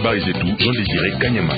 habari zetu Jean Desire Kanyama.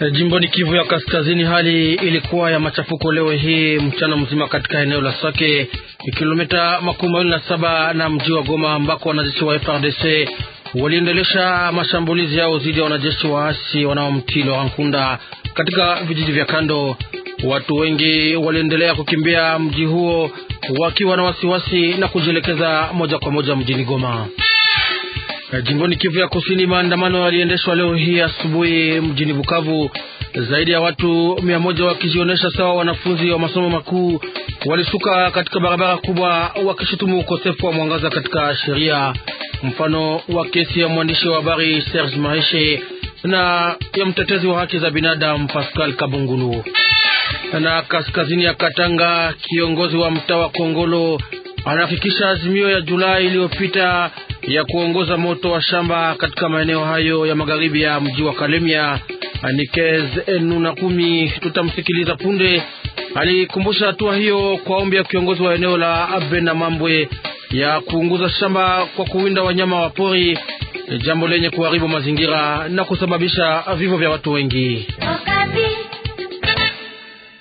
Eh, jimboni Kivu ya Kaskazini, hali ilikuwa ya machafuko leo hii mchana mzima katika eneo la Sake, kilomita makumi mawili na saba na mji wa Goma, ambako wanajeshi wa FRDC waliendelesha mashambulizi yao dhidi ya wanajeshi waasi wanaomtii Laurent Nkunda katika vijiji vya kando. Watu wengi waliendelea kukimbia mji huo wakiwa na wasiwasi na kujielekeza moja kwa moja mjini Goma. Eh, jimboni Kivu ya Kusini, maandamano yaliendeshwa leo hii asubuhi mjini Bukavu. Zaidi ya watu mia moja wakijionyesha sawa wanafunzi wa masomo makuu walishuka katika barabara kubwa wakishutumu ukosefu wa mwangaza katika sheria, mfano wa kesi ya mwandishi wa habari Serge Maeshe na ya mtetezi wa haki za binadamu Pascal Kabungulu. Na kaskazini ya Katanga, kiongozi wa mtaa wa Kongolo anafikisha azimio ya Julai iliyopita ya kuongoza moto wa shamba katika maeneo hayo ya magharibi ya mji wa Kalemia. Anikez Enuna Kumi, tutamsikiliza punde, alikumbusha hatua hiyo kwa ombi ya kiongozi wa eneo la Abena Mambwe ya kuunguza shamba kwa kuwinda wanyama wa pori, jambo lenye kuharibu mazingira na kusababisha vifo vya watu wengi.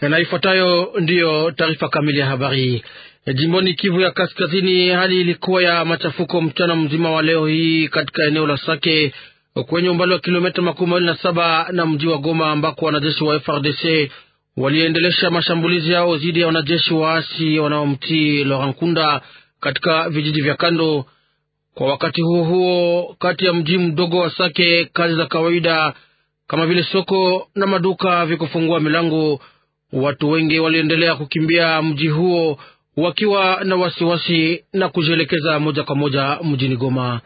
E, na ifuatayo ndiyo taarifa kamili ya habari. E, jimboni Kivu ya Kaskazini, hali ilikuwa ya machafuko mchana mzima wa leo hii katika eneo la Sake kwenye umbali wa kilomita makumi mawili na saba na mji wa Goma, ambako wanajeshi wa FRDC waliendelesha mashambulizi yao dhidi ya wanajeshi waasi wanaomtii Laurent Nkunda katika vijiji vya kando. Kwa wakati huo huo, kati ya mji mdogo wa Sake, kazi za kawaida kama vile soko na maduka vikufungua milango Watu wengi waliendelea kukimbia mji huo wakiwa na wasiwasi na kujielekeza moja kwa moja mjini Goma.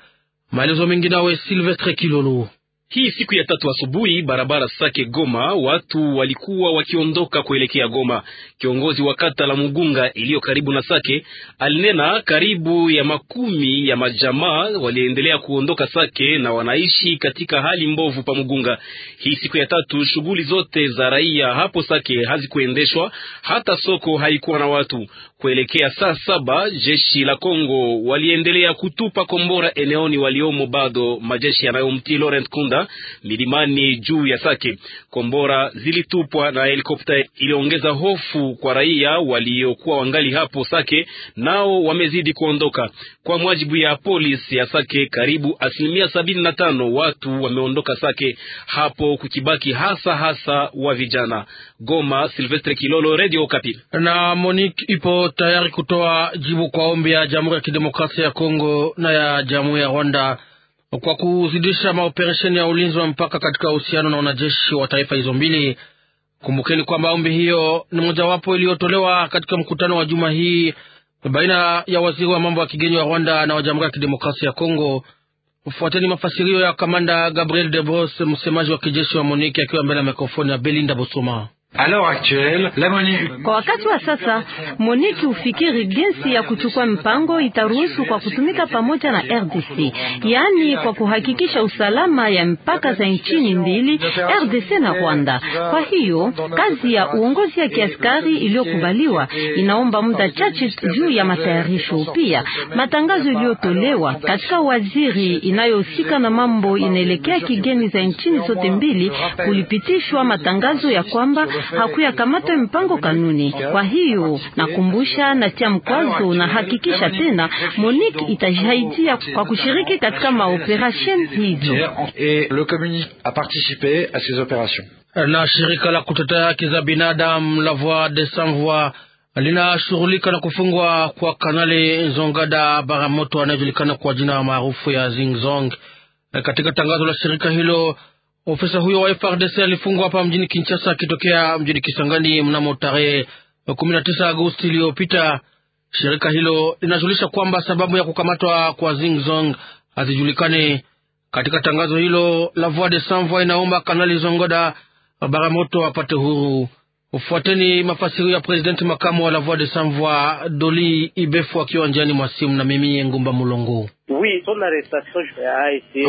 Maelezo mengi nawe Silvestre Kilolu. Hii siku ya tatu asubuhi, barabara Sake Goma, watu walikuwa wakiondoka kuelekea Goma. Kiongozi wa kata la Mugunga iliyo karibu na Sake alinena karibu ya makumi ya majamaa waliendelea kuondoka Sake na wanaishi katika hali mbovu pa Mugunga. Hii siku ya tatu shughuli zote za raia hapo Sake hazikuendeshwa, hata soko haikuwa na watu. Kuelekea saa saba jeshi la Kongo waliendelea kutupa kombora eneoni waliomo bado majeshi yanayomtii Laurent Kunda milimani juu ya Sake. Kombora zilitupwa na helikopta iliongeza hofu kwa raia waliokuwa wangali hapo Sake, nao wamezidi kuondoka. Kwa mwajibu ya polisi ya Sake, karibu asilimia sabini na tano watu wameondoka Sake, hapo kukibaki hasa hasa wa vijana. Goma, Silvestre Kilolo, Radio Okapi. Na Monique ipo tayari kutoa jibu kwa ombi ya Jamhuri ya Kidemokrasia ya Kongo na ya Jamhuri ya Rwanda kwa kuzidisha maoperesheni ya ulinzi wa mpaka katika uhusiano na wanajeshi wa taifa hizo mbili. Kumbukeni kwamba ombi hiyo ni mojawapo iliyotolewa katika mkutano wa juma hii baina ya waziri wa mambo ya kigeni wa Rwanda na wa Jamhuri ya Kidemokrasia ya Kongo. Fuateni mafasirio ya kamanda Gabriel Debos, msemaji wa kijeshi wa Moniki, akiwa mbele ya mikrofoni ya Belinda Bosoma. Kwa wakati wa sasa Moniki ufikiri jinsi ya kuchukua mpango itaruhusu kwa kutumika pamoja na RDC, yaani kwa kuhakikisha usalama ya mpaka za nchini mbili RDC na Rwanda. Kwa hiyo kazi ya uongozi ya kiaskari iliyokubaliwa inaomba muda chache juu ya matayarisho. Pia matangazo iliyotolewa katika waziri inayohusika na mambo inaelekea kigeni za nchini zote mbili, kulipitishwa matangazo ya kwamba hakuyakamata mpango kanuni. Kwa hiyo nakumbusha, natia mkwazo na hakikisha tena Monique itajisaidia kwa kushiriki katika maoperation hizo na shirika la kutetea haki za binadamu la Voix des Sans Voix linashughulika na kufungwa kwa Kanali Nzongada Baramoto anayejulikana kwa jina maarufu ya Zingzong. E, katika tangazo la shirika hilo Ofisa huyo wa FRDC alifungwa hapa mjini Kinshasa akitokea mjini Kisangani mnamo tarehe 19 Agosti iliyopita. Shirika hilo linajulisha kwamba sababu ya kukamatwa kwa zing zong hazijulikani. Katika tangazo hilo, La Voix de Sanvoi inaomba Kanali Zongoda Baramoto apate huru. Ufuateni mafasiri ya presidenti makamu wa La Voix de Sanvoi Doli Ibefu akiwa njiani mwa simu na mimi Ngumba Mulongo.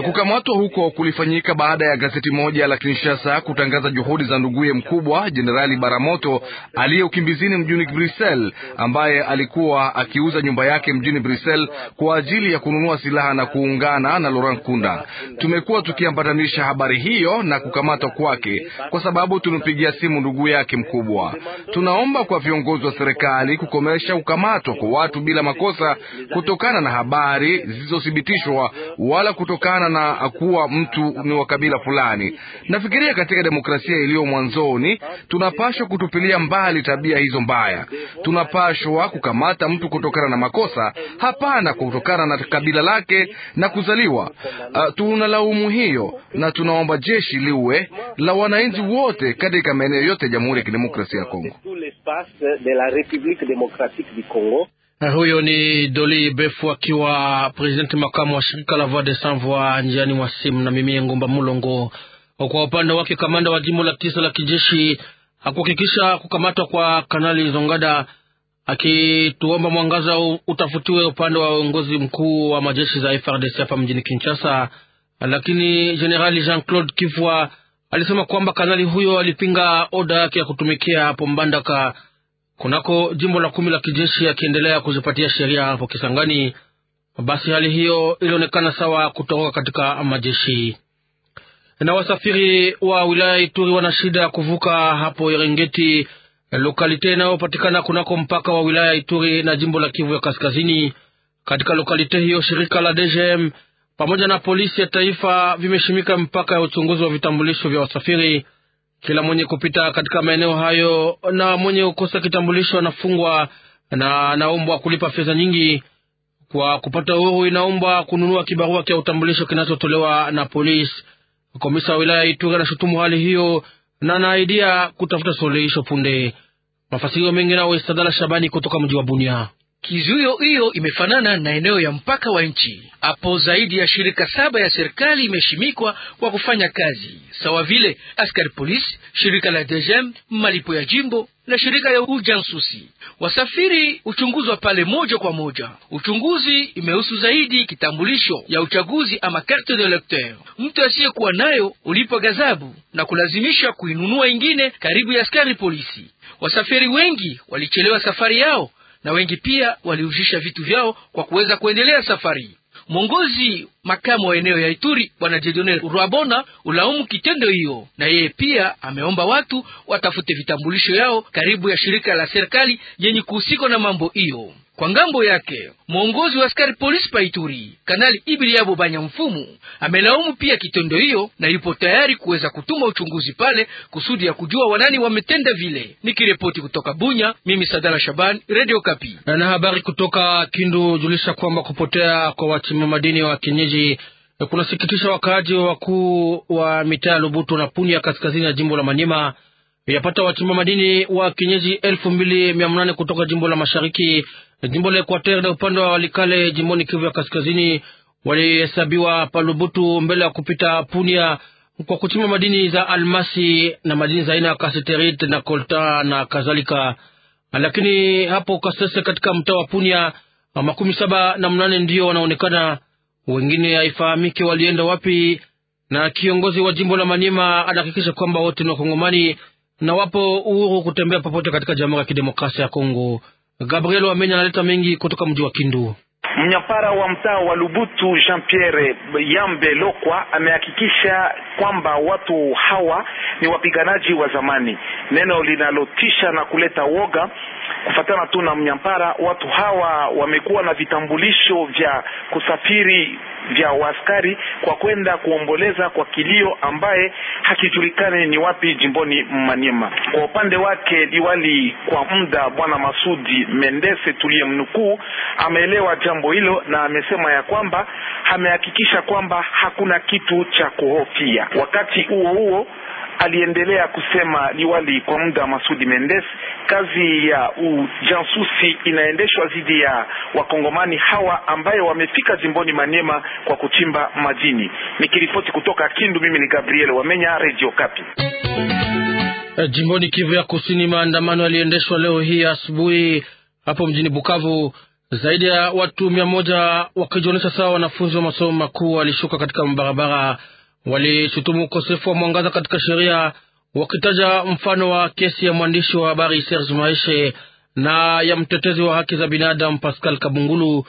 Kukamatwa huko kulifanyika baada ya gazeti moja la Kinshasa kutangaza juhudi za nduguye mkubwa Jenerali Baramoto aliye ukimbizini mjini Brussels, ambaye alikuwa akiuza nyumba yake mjini Brussels kwa ajili ya kununua silaha na kuungana na Laurent Kunda. Tumekuwa tukiambatanisha habari hiyo na kukamatwa kwake kwa sababu tulimpigia simu ndugu yake mkubwa. Tunaomba kwa viongozi wa serikali kukomesha kukamatwa kwa watu bila makosa kutokana na habari zisizothibitishwa wala kutokana na kuwa mtu ni wa kabila fulani. Nafikiria katika demokrasia iliyo mwanzoni, tunapashwa kutupilia mbali tabia hizo mbaya. Tunapashwa kukamata mtu kutokana na makosa, hapana kutokana na kabila lake na kuzaliwa. Uh, tunalaumu hiyo na tunaomba jeshi liwe la wananchi wote katika maeneo yote ya Jamhuri ya Kidemokrasia ya Kongo. Eh, huyo ni Doli Befu akiwa presidenti makamu wa shirika la Voix des Sans Voix njiani mwa simu na mimi Ngumba Mulongo. Kwa upande wake, kamanda wa jimbo la tisa la kijeshi hakuhakikisha kukamatwa kwa Kanali Zongada, akituomba mwangaza utafutiwe upande wa uongozi mkuu wa majeshi za FRDC hapa mjini Kinshasa. Lakini Jenerali Jean Claude Kivwa alisema kwamba kanali huyo alipinga oda yake ya kutumikia hapo Mbandaka kunako jimbo la kumi la kijeshi akiendelea kuzipatia sheria hapo Kisangani, basi hali hiyo ilionekana sawa kutoroka katika majeshi. Na wasafiri wa wilaya Ituri wana shida ya kuvuka hapo Erengeti, lokalite inayopatikana kunako mpaka wa wilaya Ituri na jimbo la Kivu ya Kaskazini. Katika lokalite hiyo shirika la DGM pamoja na polisi ya taifa vimeshimika mpaka ya uchunguzi wa vitambulisho vya wasafiri. Kila mwenye kupita katika maeneo hayo na mwenye kukosa kitambulisho anafungwa na anaombwa kulipa fedha nyingi. Kwa kupata uhuru, inaombwa kununua kibarua cha utambulisho kinachotolewa na polisi. Komisa wa wilaya Ituri anashutumu hali hiyo na anaaidia kutafuta suluhisho punde. Mafasirio mengi nao Isadala Shabani kutoka mji wa Bunia. Kizuio hiyo imefanana na eneo ya mpaka wa nchi. Hapo zaidi ya shirika saba ya serikali imeshimikwa kwa kufanya kazi sawa vile askari polisi, shirika la DGM, malipo ya jimbo na shirika ya ujansusi Wasafiri uchunguzwa pale moja kwa moja. Uchunguzi imehusu zaidi kitambulisho ya uchaguzi ama carte de lecteur. Mtu asiyekuwa nayo ulipa gazabu na kulazimisha kuinunua ingine karibu ya askari polisi. Wasafiri wengi walichelewa safari yao na wengi pia waliuzisha vitu vyao kwa kuweza kuendelea safari. Mwongozi makamu wa eneo ya Ituri Bwana Jedone Rwabona ulaumu kitendo hiyo, na yeye pia ameomba watu watafute vitambulisho yao karibu ya shirika la serikali yenye kuhusika na mambo hiyo. Kwa ngambo yake mwongozi wa askari polisi paituri Kanali Ibiliabo mfumu amelaumu pia kitendo hiyo na yupo tayari kuweza kutuma uchunguzi pale kusudi ya kujua wanani wametenda vile. Nikiripoti kutoka Bunya, mimi Sadala Shaban, Radio Kapi. Na habari kutoka Kindu julisha kwamba kupotea kwa wachimba madini wa kienyeji eh, kunasikitisha wakaaji wakuu wa mitaa ya Lubutu na Punia kaskazini ya jimbo la Manyema. Yapata wachimba madini wa kienyeji elfu mbili mia nane kutoka jimbo la mashariki jimbo la Ekuater na upande wa Walikale jimboni Kivu ya Kaskazini walihesabiwa Palubutu mbele ya kupita Punia kwa kuchimba madini za almasi na madini za aina ya kasiterite na kolta na kadhalika, lakini hapo Kasese katika mtaa wa Punia makumi saba na mnane ndio wanaonekana, wengine haifahamiki walienda wapi. Na kiongozi wa jimbo la Manyema anahakikisha kwamba wote ni Wakongomani na wapo uhuru kutembea popote katika Jamhuri ya Kidemokrasia ya Kongo. Gabriel Wamenya analeta mengi kutoka mji wa Kindu. Mnyapara wa mtaa wa Lubutu Jean Pierre Yambe Lokwa amehakikisha kwamba watu hawa ni wapiganaji wa zamani, neno linalotisha na kuleta woga. Kufatana tu na Mnyampara, watu hawa wamekuwa na vitambulisho vya kusafiri vya waaskari kwa kwenda kuomboleza kwa kilio ambaye hakijulikani ni wapi jimboni manyema Kwa upande wake, diwali kwa muda Bwana Masudi Mendese tuliyemnukuu ameelewa jambo hilo, na amesema ya kwamba amehakikisha kwamba hakuna kitu cha kuhofia. Wakati huo huo aliendelea kusema liwali kwa muda Masudi Mendes, kazi ya ujasusi inaendeshwa dhidi ya wakongomani hawa ambaye wamefika jimboni manyema kwa kuchimba madini. Nikiripoti kutoka Kindu, mimi ni Gabriel Wamenya, Radio Kapi. Eh, jimboni Kivu ya Kusini, maandamano yaliendeshwa leo hii asubuhi hapo mjini Bukavu zaidi ya watu mia moja wakijionyesha sawa wanafunzi wa masomo makuu walishuka katika mabarabara, walishutumu ukosefu wa mwangaza katika sheria, wakitaja mfano wa kesi ya mwandishi wa habari Serge Maishe na ya mtetezi wa haki za binadamu Pascal Kabungulu.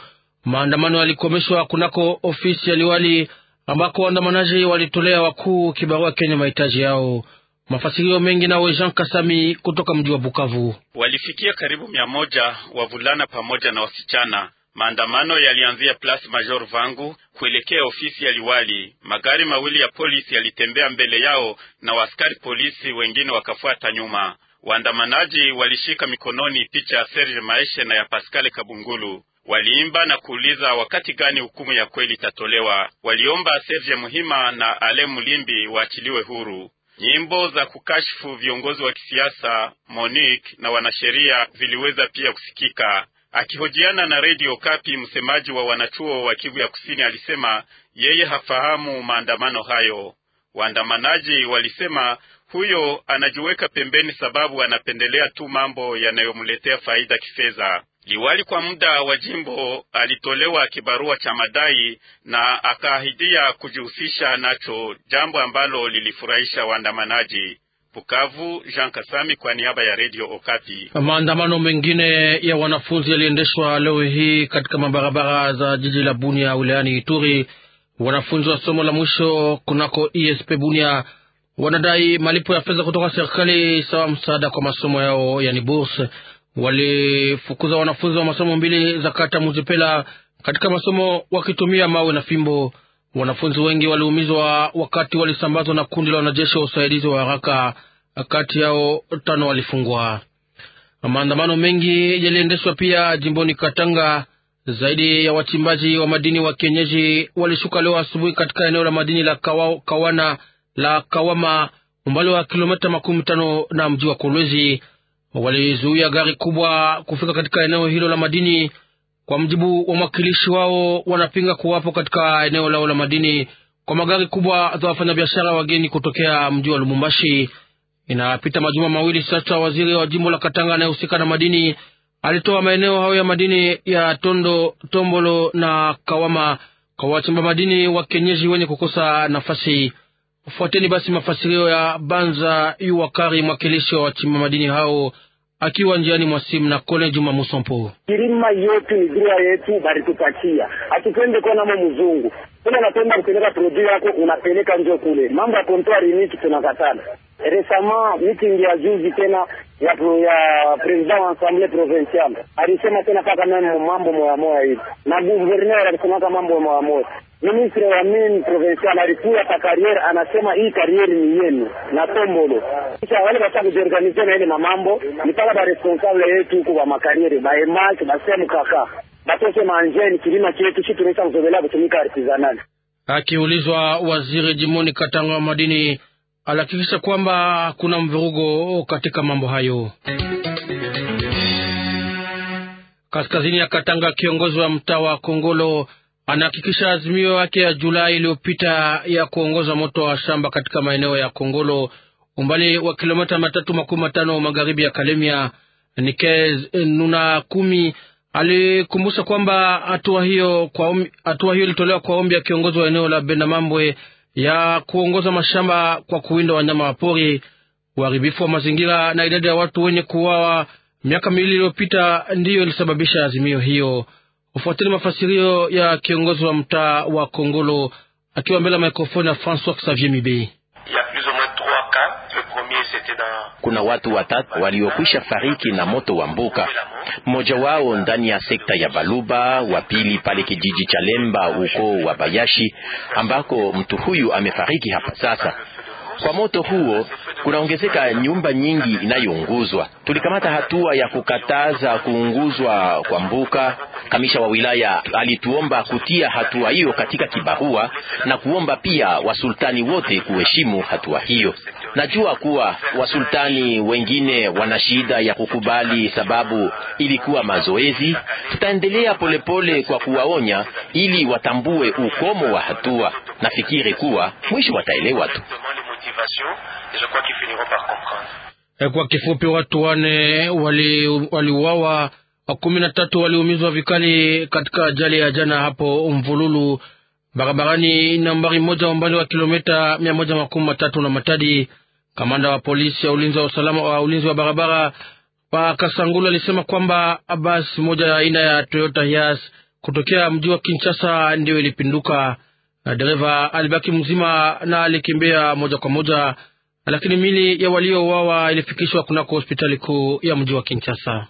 Maandamano yalikomeshwa kunako ofisi ya liwali ambako waandamanaji walitolea wakuu kibarua kenye mahitaji yao. Mafasirio mengi nawe Jean Kasami kutoka mji wa Bukavu. Walifikia karibu mia moja wavulana pamoja na wasichana. Maandamano yalianzia Place Major Vangu kuelekea ofisi ya liwali. Magari mawili ya polisi yalitembea mbele yao na waskari polisi wengine wakafuata nyuma. Waandamanaji walishika mikononi picha ya Serge Maeshe na ya Pascal Kabungulu. Waliimba na kuuliza wakati gani hukumu ya kweli itatolewa. Waliomba Serge Muhima na Ale Mulimbi waachiliwe huru. Nyimbo za kukashifu viongozi wa kisiasa Monique na wanasheria ziliweza pia kusikika. Akihojiana na Radio Kapi, msemaji wa wanachuo wa Kivu ya Kusini alisema yeye hafahamu maandamano hayo. Waandamanaji walisema huyo anajiweka pembeni, sababu anapendelea tu mambo yanayomletea faida kifedha. Liwali kwa muda wa jimbo alitolewa kibarua cha madai na akaahidia kujihusisha nacho, jambo ambalo lilifurahisha waandamanaji. Bukavu, Jean Kasami kwa niaba ya Radio Okapi. Maandamano mengine ya wanafunzi yaliendeshwa leo hii katika mabarabara za jiji la Bunia wilayani Ituri. Wanafunzi wa somo la mwisho kunako ISP e Bunia wanadai malipo ya fedha kutoka serikali sawa msaada kwa masomo yao yani bourse walifukuza wanafunzi wa masomo mbili za kata Muzipela katika masomo wakitumia mawe na fimbo. Wanafunzi wengi waliumizwa wakati walisambazwa na kundi la wanajeshi wa usaidizi wa haraka, kati yao tano walifungwa. Maandamano mengi yaliendeshwa pia jimboni Katanga. Zaidi ya wachimbaji wa madini wa kienyeji walishuka leo asubuhi katika eneo la madini la kawa, kawana la Kawama, umbali wa kilomita makumi tano na mji wa Kolwezi walizuia gari kubwa kufika katika eneo hilo la madini. Kwa mjibu wa mwakilishi wao, wanapinga kuwapo katika eneo lao la madini kwa magari kubwa za wafanyabiashara wageni kutokea mji wa Lubumbashi. Inapita majuma mawili sasa, waziri wa jimbo la Katanga anayehusika na madini alitoa maeneo hayo ya madini ya Tondo, Tombolo na Kawama kwa wachimba madini wa wenye kukosa nafasi. Fuateni basi mafasirio ya Banza Wakari, mwakilishi wa wachimba madini hao akiwa njiani mwa simu na Kole Juma Musompo. Kilima yetu ni dua yetu, baritupatia hatupende kuwa namo mzungu kule, anapenda kupeleka produi yako unapeleka njo kule, mambo ya kontoari miki tunakatana. Resama meeting ya juzi tena ya ya president wa assemble provinciale alisema tena paka mambo moya moya hivi, na guverneur alisemaka mambo moya moya Ministre wa mine provincial alikuwa pa kariere, anasema hii kariere ni yenu na tombolo. Kisha wale bata kujiorganize na ile mamambo ni pala ba responsable yetu huko wa makariere ba emak ba semu kaka batoke manjeni kilima chetu shi tunaweza mzobela kutumika artisanal. Akiulizwa, waziri Jimoni Katanga wa madini alihakikisha kwamba kuna mvurugo katika mambo hayo. Kaskazini ya Katanga, kiongozi wa mtaa wa Kongolo anahakikisha azimio yake ya Julai iliyopita ya kuongoza moto wa shamba katika maeneo ya Kongolo, umbali wa kilomita matatu makumi matano magharibi ya Kalemia. Nikez Nuna Kumi alikumbusha kwamba hatua hiyo ilitolewa kwa ombi ya kiongozi wa eneo la Bendamambwe ya kuongoza mashamba kwa kuwinda wanyama wa pori. Uharibifu wa mazingira na idadi ya watu wenye kuuawa miaka miwili iliyopita ndiyo ilisababisha azimio hiyo. Ufuateni mafasirio ya kiongozi wa mtaa wa Kongolo akiwa mbele ya mikrofoni ya Francois Xavier Mibe. Kuna watu watatu waliokwisha fariki na moto wa mbuka, mmoja wao ndani ya sekta ya Baluba, wa pili pale kijiji cha Lemba, ukoo wa Bayashi, ambako mtu huyu amefariki hapa sasa kwa moto huo kunaongezeka nyumba nyingi inayounguzwa. Tulikamata hatua ya kukataza kuunguzwa kwa mbuka. Kamisha wa wilaya alituomba kutia hatua hiyo katika kibarua na kuomba pia wasultani wote kuheshimu hatua hiyo. Najua kuwa wasultani wengine wana shida ya kukubali, sababu ilikuwa mazoezi. Tutaendelea polepole kwa kuwaonya ili watambue ukomo wa hatua. Nafikiri kuwa mwisho wataelewa tu. Eh, kwa kifupi, watu wane waliuawa, kumi na tatu waliumizwa vikali katika ajali ya jana hapo Mvululu barabarani nambari moja umbali wa kilometa mia moja makumi matatu na Matadi. Kamanda wa polisi ya ulinzi wa usalama wa ulinzi wa barabara pa Kasangulu alisema kwamba basi moja ya aina ya Toyota Hiace kutokea mji wa Kinshasa ndiyo ilipinduka. Dereva alibaki mzima na alikimbia moja kwa moja, lakini mili ya waliouawa ilifikishwa kunako hospitali kuu ya mji wa Kinshasa.